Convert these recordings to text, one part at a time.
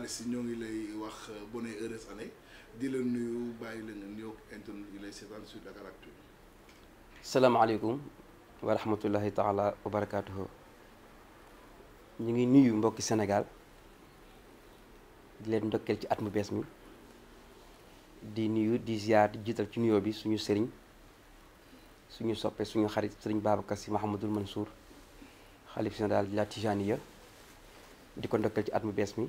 journaliste ñoo ngi lay wax bonne heureuse année di la nuyu bàyyi la nga nuyoog internet yi lay seetaan sur Dakaractu salaamaaleykum wa rahmatullahi taala wa barakatuhu ñu ngi nuyu mbokki Sénégal di leen ndokkeel ci at mu bees mi di nuyu di ziar di jiital ci nuyoo bi suñu sëriñ suñu soppe suñu xarit sëriñ Babacar Sy Mahamadul Mansour xalif général de la Tijaniya di ko ndokkal ci at mu mi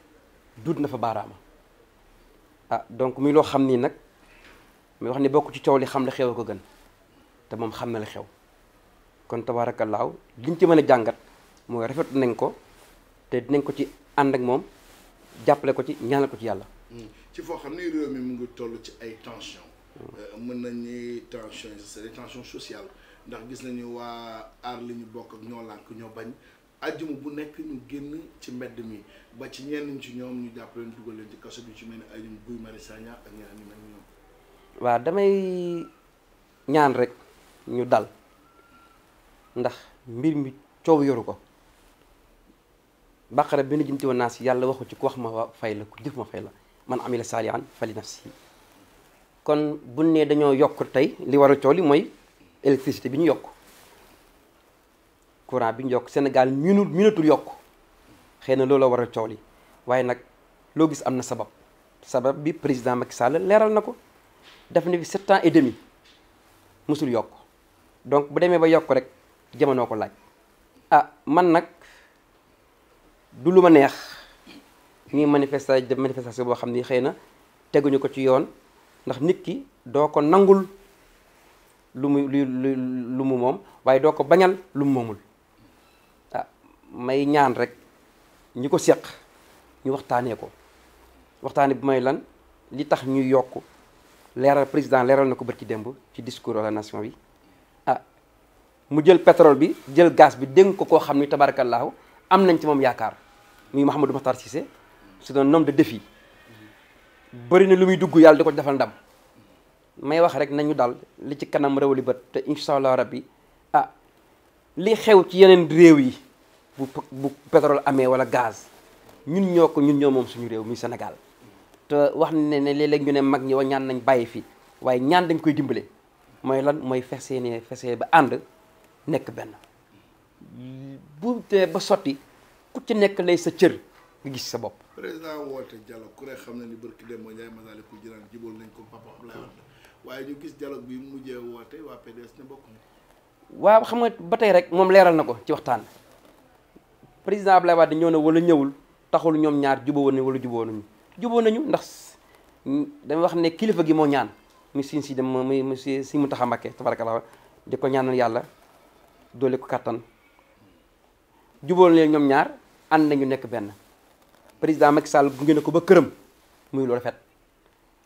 duut na fa baaraama ah donc muy loo xam nii nag muy wax ni bokk ci coow li xam la xew a ko gën te moom xam na la xew kon tabaarakallaahu liñ ci mën a jàngat mooy rafet nañ ko te dinañ ko ci ànd ak moom jàppale ko ci ñaanal ko ci yàlla. Hmm. ci foo xam ne réew mi mu ngi toll ci ay tension euh, mën nañu tension c'est des tensions sociales ndax gis nañu waa aar li ñu bokk ak ñoo lànk ñoo bañ. ajjuma bu nekk ñu génn ci mbedd mi ba ci ñenn ci ñoom ñu jàpp dugal leen ci kaso bi ci mel ni ay ñoom Guy Marius ak ñeneen ñu mel ñoom. waaw damay ñaan rek ñu dal ndax mbir mi coow yoru ko baqara benn nu jëmti woon naa si yàlla waxu ci ku wax ma fay la ku jëf ma fay la man amila saalihan fali nafsi kon buñ ne dañoo yokk tey li war a coow li mooy électricité bi ñu yokk. courant bi ñok Sénégal minut minutul yok xëy loolu la waral coow li waaye gis amna sabab sabab bi président Macky Sall léral nako. ko def na ans et demi musul yok donc bu démé ba yok rek jamono ko laaj. ah man nak du luma neex ñuy manifesta manifestation boo xam ni xëy na teguñu ko ci yoon ndax nit ki doo ko nangul lu lumu lu mu moom ko bañal lu momul may ñaan rek ñi sekk ñu waxtane ko waxtane bu may lan li tax ñu yokku leral président leral nako barki ci discours nation bi ah mu jël pétrole bi jël gaz bi deng ko ko xamni tabarakallah am nañ ci mom yaakaar muy Mouhamadou Makhtar Cissé c'est un homme de défi bari na lu muy dugg yalla diko defal ndam may wax rek nañu dal li ci kanam rewli li te inshallah rabbi ah li xew ci yenen rew yi bu bu pétrole amé wala gaz ñun ñoko ñun ñoo mom suñu réew mi Sénégal té wax né né léeg-léeg ñu né mag ñi wa ñaan nañ bayyi fi waaye ñaan dañ koy dimbalé moy lan moy fessé né fessé ba and nek ben bu té ba soti ku ci nek lay sa cër nga gis sa bop président wolté dialogue ku ne xam ni barki dem mooy Ndiaye Masale ku jiran jibol nañ ko papa Abdoulaye Wade waye ñu gis dialogue bi mujjee woote wa PDS né bokku na. waaw xam nga batay rek mom léral nako ci waxtaan. président Ablaye Wade ñëw na wala ñëwul taxul ñoom ñaar juboo nañu wala juboo nañu juboo nañu ndax dama wax ne kilifa gi moo ñaan mu siin si dem muy mu si si mu tax a Mbakke tabarakallah di ko ñaanal yàlla doole ko kàttan jubóo leen ñoom ñaar ànd nañu nekk benn président Macky Sall gunge na ko ba këram muy lu rafet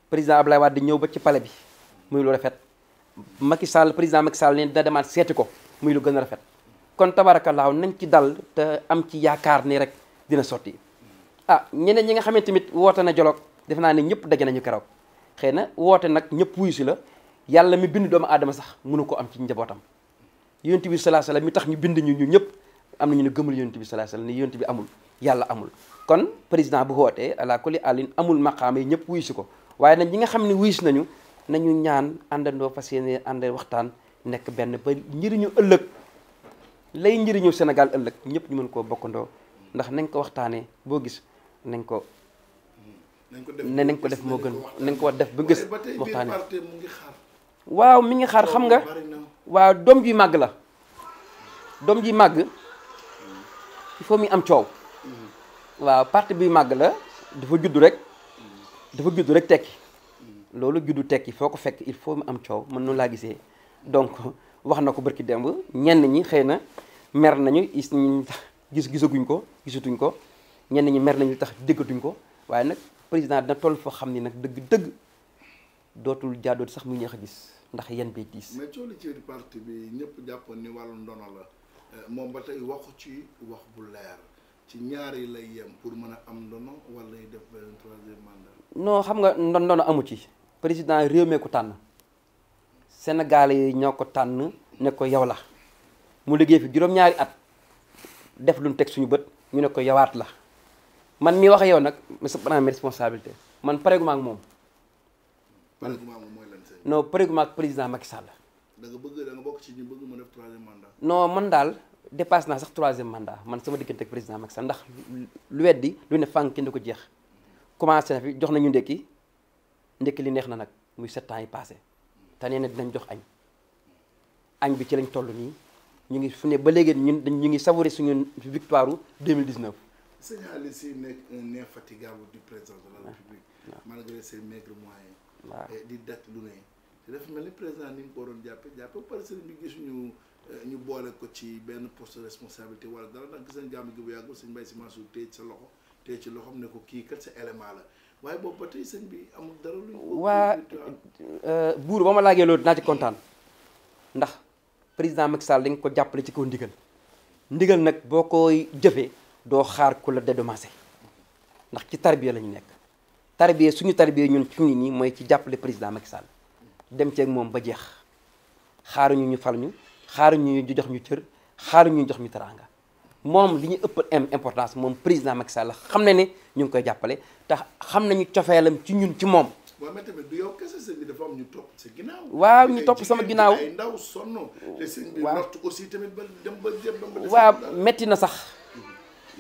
président Ablaye Wade ñëw ba ci pale bi muy lu rafet Macky Sall président Macky Sall ne dina demaat seeti ko muy lu gën a rafet. kon tabarakallaahu nañ ci dal te am ci yaakaar ni rek dina sotti ah ñeneen ñi nga xamante tamit woote na joloog def naa ne ñëpp daje nañu keroog xëy na woote nag ñëpp wuyu la yàlla mi bind doomu aadama sax mënu ko am ci njabootam yonent bi salaa mi tax ñu bind ñu ñëpp am nañu ne gëmul yonent bi salaa salaam ni yonent bi amul yàlla amul kon président bu wootee ala kulli amul maqaama yi ñëpp wuyu ko waaye nañ ñi nga xam ne wuyu nañu nañu ñaan àndandoo fas yéene ànd waxtaan nekk benn ba njëriñu ëllëg lay njëriñu Sénégal ëllëg ñëpp ñu mën koo bokkandoo ndax nañ ko waxtaanee boo gis nañ ko. ne nañ ko def moo gën nañ ko def ba gis waxtaanee. waaw mi ngi xaar xam nga waaw doom ji màgg la doom ji màgg il faut mu am coow waaw parti bi màgg la dafa juddu rek dafa judd rek tekki loolu juddu tekki foo ko fekk il faut mu am coow mën noonu laa gisee donc wax na ko barki demb ñenn ñi xëy na mer nañu is gis gisaguñ ko gisatuñ ko ñenn ñi mer nañu li tax déggatuñ ko waaye nag président dina toll foo xam ni nag dëgg-dëgg dootul jaadooti sax muy ñeex a gis ndax yan bee diis. mais coono ci parti bi ñëpp jàppoon ni wàllu ndono la euh, moom ba tey waxu ci wax bu leer ci ñaar lay yem pour mën a am ndono wala def benn troisième xam nga ndon ndono amu ci président réew mee ko tànn. Sénégalais yi ñoo ko tànn nekk ko yow la mu liggéey fi juróom-ñaari at def lu mu teg suñu bët ñu ne ko yowaat la man mi wax yow nag monsieur prend mes man pareeguma ak moom. pareeguma ak moom mooy lan sëñ non pareeguma ak président Macky da bëgg da nga bokk ci mu man daal dépasse naa sax troisième mandat man sama diggante ak président Macky Sall ndax lu weddi lu ne fànn kenn ko jeex commencé na fi jox nañu ndekki ndekki li neex na nag muy sept ans yi passé te nee na dinañ jox añ añ bi ci lañ toll nii ñu ngi fu ne ba léegi ñun ñu ngi savouré suñu victoire u 2019. sëñ Aliou Sy nekk un infatigable du président de la République. malgré seen maigres moyens. waaw di dat lu ne. te dafa mel ni président ni mu ko waroon jàppe jàppe par sëriñ bi gisuñu euh, ñu boole ko ci benn poste de responsabilité wala dara ndax gis nañ jàmm gi bu yàggul sëñ Mbaye Sy Mansour téye ci sa loxo téye ci loxoom ne ko kii kat sa élément la. waaye bo ba tey bi amul dara lu waa euh, buur ba ma laajee lo na ci kontaan ndax président Macky Sall dañ ko jàppale ci kaw ndigal ndigal nag boo koy do doo xaar ku la dédommagé ndax ci tarbiya la ñu nekk tarbiya suñu tarbiya ñun ci nit ñi mooy ci jàppale président Macky Sall dem ceeg moom ba jeex xaaruñu ñu fal ñu xaaruñu ñu jox ñu cër xaaruñu ñu jox ñu teraanga moom li ñu ëpp importance moom président Macky Sall xam na ne ñu ngi koy jàppale tax xam nañu cofeelam ci ñun ci moom. waaw mais ñu topp sa sama ginnaaw ay ndaw aussi tamit ba waaw metti na sax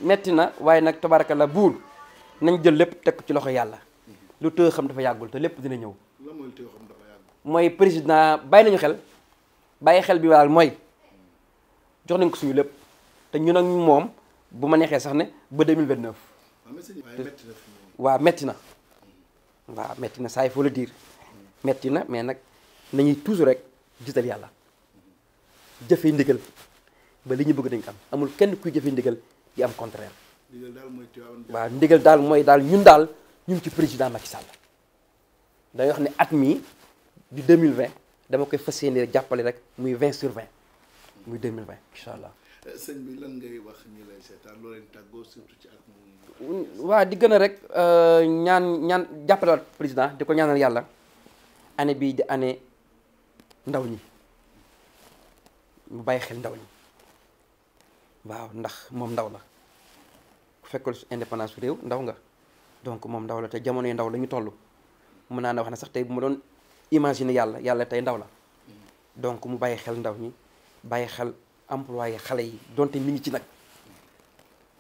metti na waaye nag tabaraka la buur nañ jël lépp teg ci loxo yàlla lu tëë xam dafa yàggul te lépp dina ñëw. lan mooy tëë xam président bàyyi nañu xel bàyyi xel bi waral mooy jox nañ ko suñu lépp. te ñun ak moom bu ma sax ne ba 2029. Wa metti na wa metti na ça il faut le dire metti na mais nak nañuy toujours rek jiital yalla jëfee ndigal ba li ñu bëgg dañ ko am amul kenn kuy jëfee ndigal di am contraire. ndigal daal mooy wa ndigal dal moy dal ñun dal ñu ci président Macky Sall dañuy wax ne at mi du 2020 dama koy fas yéene jàppale rek muy 20 sur 20 muy 2020 incha allah. sëñ bi lan ngay wax ñi lay seetaan loo leen tàggoo surtout ci ak waa di gën a rek euh, ñaan ñaan jàppalewaat président di ko ñaanal yàlla année bii di année ndaw ñi mu bàyyi xel ndaw ñi waaw ndax moom ndaw la ku su indépendance su réew ndaw nga donc moom ndaw la te jamonoy ndaw la ñu toll mën naa ne wax na sax tey mu ma doon imaginer yàlla yàlla tey ndaw la mm-hmm. donc mu bàyyi xel ndaw ñi bàyyi xel employé xalé yi donté mi ngi ci nak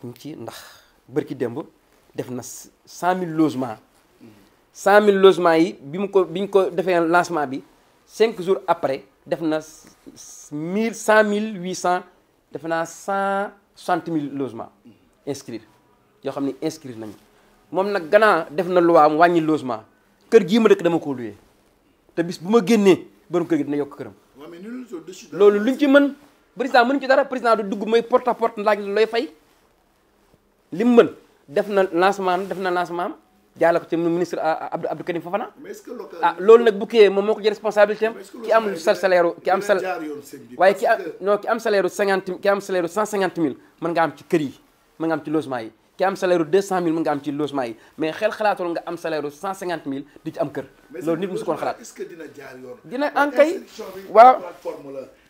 mi ngi ci ndax barki def na logements cent logements yi bi ko biñ ko lancement bi cinq jours après def na mille cent mille logements inscrits yo xamni inscrire nañ mom nak gana def loi logement kër ma dëkk dama ko louer te bis buma ma borom gi dina loolu luñ ci président mënu ci dara président du dugg mooy porte à porte laaj looy fay lim mën def na lancement def na lancement jaala ko ci ministre ah, ah, Abdou Abdou Karim Fofana. ah loolu nak bu kii moom moo jël responsabilité ki am sal salaire ki am sal waaye ki am non ki am salaire 50 ki am salaire 150000 man nga am ci kër yi man nga am ci logement yi. ki am salaire 200000 man nga am ci logement yi mais xel xalaatoon nga am salaire 150000 di ci am kër. loolu nit musu su koon est-ce que dina jaar yoon. dina en kay wa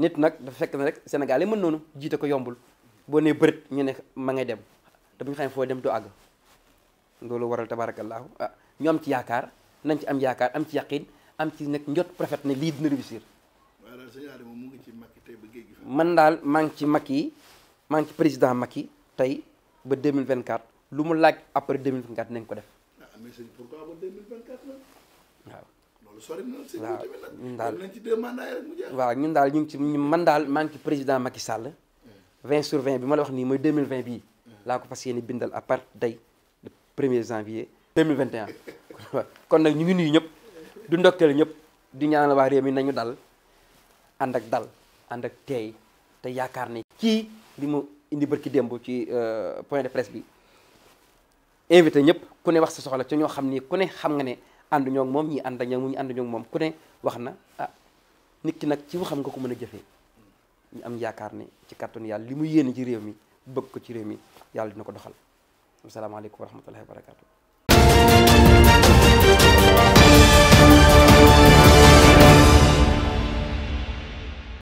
nit nak da fekk na rek Sénégal yi mën nonu jité ko yombul bo né bërët ñu né ma ngay dem da bu ñu xam fo dem du ag ndolo waral tabarakallah ah ñu ci yaakaar nañ ci am yaakaar am ci yaqeen am ci nak ñot prophète né li dina réussir. man dal maa ngi ci makki maa ngi ci président makki tay ba 2024 lu mu laaj après 2024 nañ ko def. Ah, mais mais pourquoi ba 2024 sori na ñun daal nañ waaw ñun daal ñu ngi ci man daal maa ngi président Macky Sall 20 sur 20 bi ma la wax nii mooy 2020 bi laa ko fas yéene bindal à part day le premier janvier 2021 kon nag ñu ngi nuyu ñëpp du ndokkeel ñëpp di ñaanal waa réew nañu dal ànd ak dal ànd ak teey te yaakaar ne kii li mu indi bërki démb ci euh, point de presse bi invité ñëpp ku ne wax sa soxla ci ñoo xam ni ku ne xam nga ne àndu ñoo moom ñi ànd ak ñoom ñi moom ku ne wax na ah nit ki nag ci waxam nga ko mën a jëfee ñu am yaakaar ne ci kàttanu yàlla li mu yéene ci réew mi bëgg ko ci réew mi yàlla dina ko doxal wasalaamaaleykum wa rahmatullahi wa barakatu